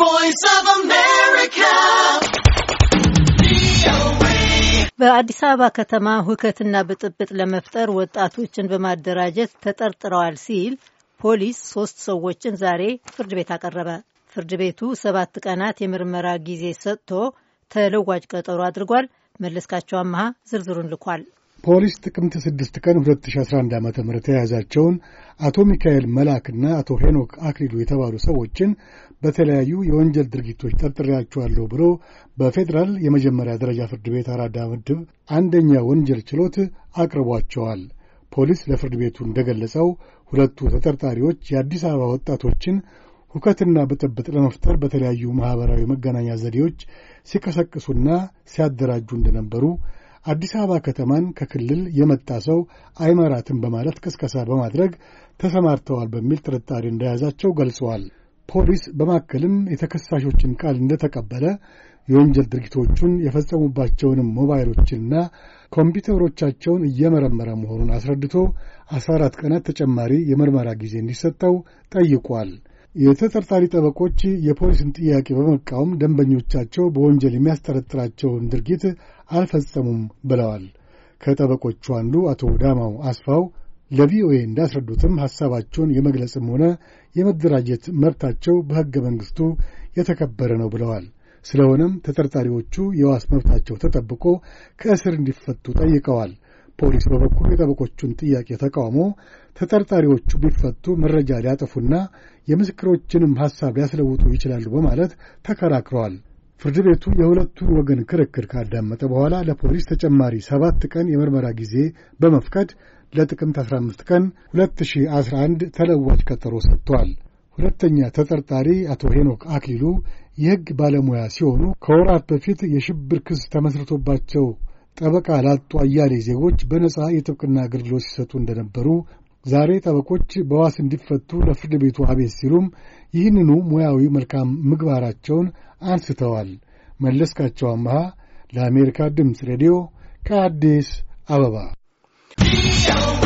voice of America. በአዲስ አበባ ከተማ ሁከትና ብጥብጥ ለመፍጠር ወጣቶችን በማደራጀት ተጠርጥረዋል ሲል ፖሊስ ሶስት ሰዎችን ዛሬ ፍርድ ቤት አቀረበ። ፍርድ ቤቱ ሰባት ቀናት የምርመራ ጊዜ ሰጥቶ ተለዋጭ ቀጠሮ አድርጓል። መለስካቸው አመሃ ዝርዝሩን ልኳል። ፖሊስ ጥቅምት 6 ቀን 2011 ዓ ም የያዛቸውን አቶ ሚካኤል መላክና አቶ ሄኖክ አክሊሉ የተባሉ ሰዎችን በተለያዩ የወንጀል ድርጊቶች ጠርጥሬያቸዋለሁ ብሎ በፌዴራል የመጀመሪያ ደረጃ ፍርድ ቤት አራዳ ምድብ አንደኛ ወንጀል ችሎት አቅርቧቸዋል። ፖሊስ ለፍርድ ቤቱ እንደገለጸው ሁለቱ ተጠርጣሪዎች የአዲስ አበባ ወጣቶችን ሁከትና ብጥብጥ ለመፍጠር በተለያዩ ማኅበራዊ መገናኛ ዘዴዎች ሲቀሰቅሱና ሲያደራጁ እንደነበሩ አዲስ አበባ ከተማን ከክልል የመጣ ሰው አይመራትም በማለት ቅስቀሳ በማድረግ ተሰማርተዋል በሚል ጥርጣሬ እንደያዛቸው ገልጸዋል። ፖሊስ በማከልም የተከሳሾችን ቃል እንደተቀበለ የወንጀል ድርጊቶቹን የፈጸሙባቸውንም ሞባይሎችንና ኮምፒውተሮቻቸውን እየመረመረ መሆኑን አስረድቶ 14 ቀናት ተጨማሪ የምርመራ ጊዜ እንዲሰጠው ጠይቋል። የተጠርጣሪ ጠበቆች የፖሊስን ጥያቄ በመቃወም ደንበኞቻቸው በወንጀል የሚያስጠረጥራቸውን ድርጊት አልፈጸሙም ብለዋል። ከጠበቆቹ አንዱ አቶ ዳማው አስፋው ለቪኦኤ እንዳስረዱትም ሐሳባቸውን የመግለጽም ሆነ የመደራጀት መብታቸው በሕገ መንግሥቱ የተከበረ ነው ብለዋል። ስለሆነም ተጠርጣሪዎቹ የዋስ መብታቸው ተጠብቆ ከእስር እንዲፈቱ ጠይቀዋል። ፖሊስ በበኩሉ የጠበቆቹን ጥያቄ ተቃውሞ ተጠርጣሪዎቹ ቢፈቱ መረጃ ሊያጠፉና የምስክሮችንም ሐሳብ ሊያስለውጡ ይችላሉ በማለት ተከራክረዋል። ፍርድ ቤቱ የሁለቱን ወገን ክርክር ካዳመጠ በኋላ ለፖሊስ ተጨማሪ ሰባት ቀን የምርመራ ጊዜ በመፍቀድ ለጥቅምት 15 ቀን 2011 ተለዋጭ ቀጠሮ ሰጥቷል። ሁለተኛ ተጠርጣሪ አቶ ሄኖክ አክሊሉ የሕግ ባለሙያ ሲሆኑ ከወራት በፊት የሽብር ክስ ተመስርቶባቸው ጠበቃ ላጡ አያሌ ዜጎች በነጻ የጥብቅና አገልግሎት ሲሰጡ እንደነበሩ ዛሬ ጠበቆች በዋስ እንዲፈቱ ለፍርድ ቤቱ አቤት ሲሉም ይህንኑ ሙያዊ መልካም ምግባራቸውን አንስተዋል። መለስካቸው አመሃ ለአሜሪካ ድምፅ ሬዲዮ ከአዲስ አበባ 有。